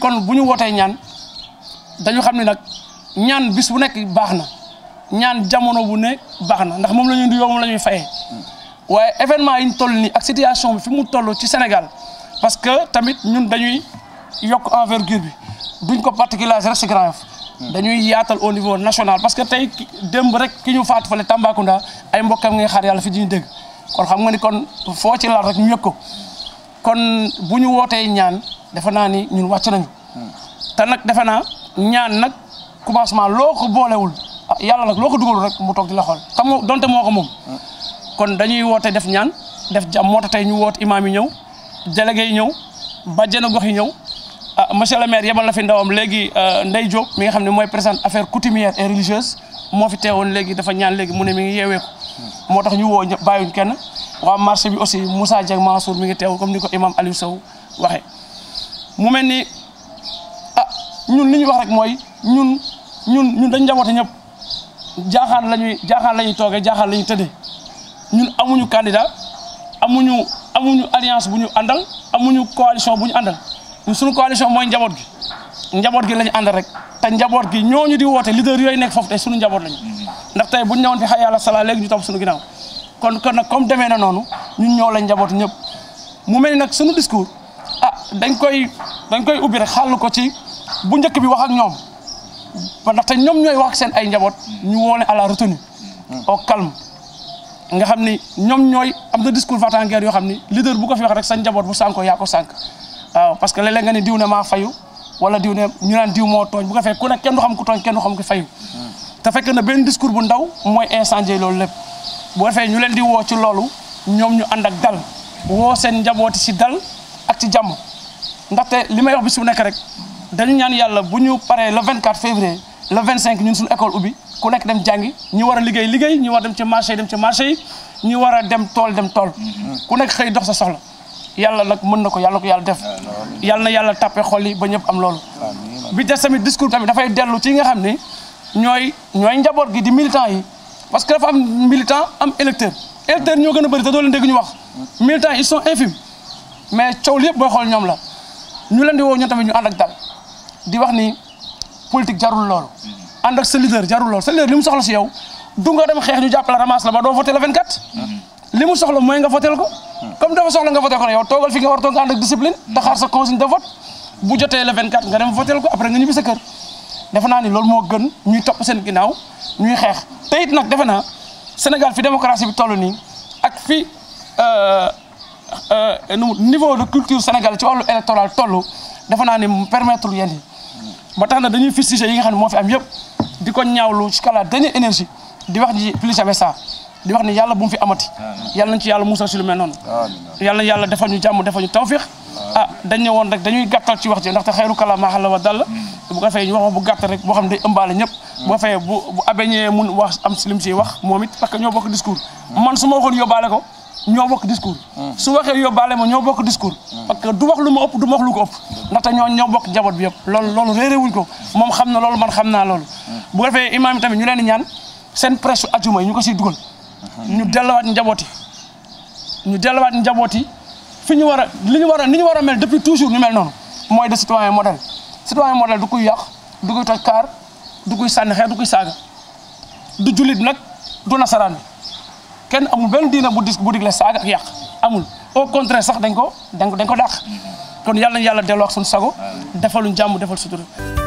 kon bu ñu wootee ñaan dañu xam ne nag ñaan bis bu nekk baax na ñaan jamono bu ne baax na ndax moom la ñuy nuyoo moom la waaye événement yi ñu toll nii ak situation bi fi mu toll ci Sénégal parce que tamit ñun dañuy yokk envergure bi duñ ko particulariser rek si dañuy yaatal au niveau national parce que tey démb rek ki ñu faatu fale Tambacounda ay mbokkam ngay xaar yàlla fi di ñu dégg kon xam nga ni kon foo ci laal rek ñu yëg ko kon bu ñu wootee ñaan defe naa ni ñun wàcc nañu. te nag defe naa ñaan nag commencement loo ko boolewul ah, yàlla nag loo ko dugalul rek mu toog di la xool xam donte moo ko moom. kon dañuy woote def ñaan def jàmm moo tax tey ñu woot imaam yi ñëw délégué yi ñëw bàjjenu gox yi ñëw. Ah, monsieur le maire yebal na fi ndawam léegi euh, Ndeye Diop mi nga xam ne mooy présidente affaire coutumière et religieuse moo fi teewoon léegi dafa ñaan léegi mu ne mi ngi yeeweeku moo tax ñu woo bàyyuñ kenn waa marché bi aussi Moussa Dieng Mansour mi ngi teew comme ni ko imam Aliou Sow waxee mu mel ni ah ñun li ñu wax rek mooy ñun ñun ñun dañ njaboote ñëpp jaaxaan la ñuy jaaxaan la ñuy toogee jaaxaan la ñuy ñun amuñu candidat amuñu amuñu alliance bu ñu àndal amuñu coalition bu ñu àndal suñu coalition mooy njaboot gi njaboot gi lañu ànd rek te njaboot gi ñooñu di woote leader yooyu nekk foofu te suñu njaboot lañu mm-hmm. ndaxte bu ñu ñëwoon fi xay yàlla sala ñu topp suñu ginnaaw kon kon nag comme demee na noonu ñun ñoo lañ njaboot ñëpp mu mel nag suñu discours ah dañ koy dañ koy ubbi rek xàll ko ci bu njëkk bi wax ak ñoom ba ndaxte ñoom ñooy wax seen ay njaboot ñu woone à la retenue kalm mm-hmm. calme nga xam ni ñoom ñooy am na discours va t yoo xam ni leader bu ko fi wax rek sa njaboot bu sànko yaa ko sànk waaw parce que léeg-léeg nga ne diw ne maa fayu wala diw ne ñu naan diw moo tooñ bu ko fekk ku nekk kenn du xam ku tooñ kenn du xam ku fayu hmm. te fekk na benn discours bu ndaw mooy incendier loolu lépp boo defee ñu leen di woo ci loolu ñoom ñu ànd ak dal woo seen njabooti si dal ak ci jàmm ndaxte li may wax bi su nekk rek dañu ñaan yàlla bu ñu paree la le 24 février le 25 ñun suñu école ubbi ku nekk dem jàngi ñu war a liggéey liggéey ñu war dem ci marché yi dem ci marché ñu war a dem tool dem tool hmm. ku nekk xëy dox sa soxla yàlla nag mën na ko yàlla ko yàlla def yàlla yàlla tàppe xol ba ñëpp am loolu bi des tamit discours tamit dafay dellu ci nga xam ni ñooy ñooy njaboot gi di militant yi parce que dafa am militant am électeur électeur ñoo gën a bari te doo leen dégg ñu wax militants ils sont infimes mais coow li yëpp booy xool ñoom la ñu leen di woo ñu tamit ñu ànd ak dal di wax ni politique jarul loolu ànd ak sa leader jarul loolu sa leader mu soxla si yow du nga dem xeex ñu jàpp la ramasse la ba doo voté la 24 li mu mooy nga voté ko comme dafa soxla nga voté ko ne yow toogal fi nga war toog nga ànd ak discipline te xaar sa consigne de vote bu jotee le 24 nga dem voté ko après nga ñibbi sa kër defe naa ni loolu moo gën ñuy topp seen ginnaaw ñuy xeex te it nag defe naa Sénégal fi démocratie bi toll nii ak fi euh, euh, niveau de culture Sénégal ci wàllu électoral toll defe naa ni permettre yenn yi ba tax na dañuy fustiger yi nga xam ne moo fi am yëpp di ko ñaawlu jusqu'à la dernière énergie di wax ji plus jamais di wax ni yàlla bu mu fi amati yàlla nañ ci yàlla musal si lu mel noonu yàlla na yàlla defal ñu jàmm defal ñu tawfiq ah, woon rek dañuy gàttal ci wax ci ndaxte xeeru kala maa xala wa dal hmm. bu ko fayee ñu wax rek boo xam ne day ëmbaale ñëpp hmm. bu ko fayee bu bu abeñee mun wax am si lim siy wax moom it parce que ñoo bokk discours man su ma waxoon yóbbaale ko ñoo bokk discours hmm. su waxee yóbbaale ma ñoo bokk discours parce que du wax lu ma ëpp du ma wax lu ko ëpp ndaxte ñoo ñoo bokk jaboot bi yëpp loolu loolu wuñ ko moom xam na loolu man xam naa loolu bu ko fayee imaam tamit ñu leen di ñaan seen presse ajuma ñu ko siy dugal ñu delluwaat njaboot yi ñu delluwaat njaboot yi fi ñu war a li ñu war a ni ñu war a mel depuis toujours ñu mel noonu mooy de citoyen modèle citoyen modèle du koy yàq du koy toj kaar du koy sànni xeer du koy saaga du jullit nag du nasaraan kenn amul benn diina bu dis bu digle saaga yàq amul au contraire sax dañ ko dañ ko dañ ko dàq kon yàlla yàlla delloo ak suñ sago defalu jàmm defal sutura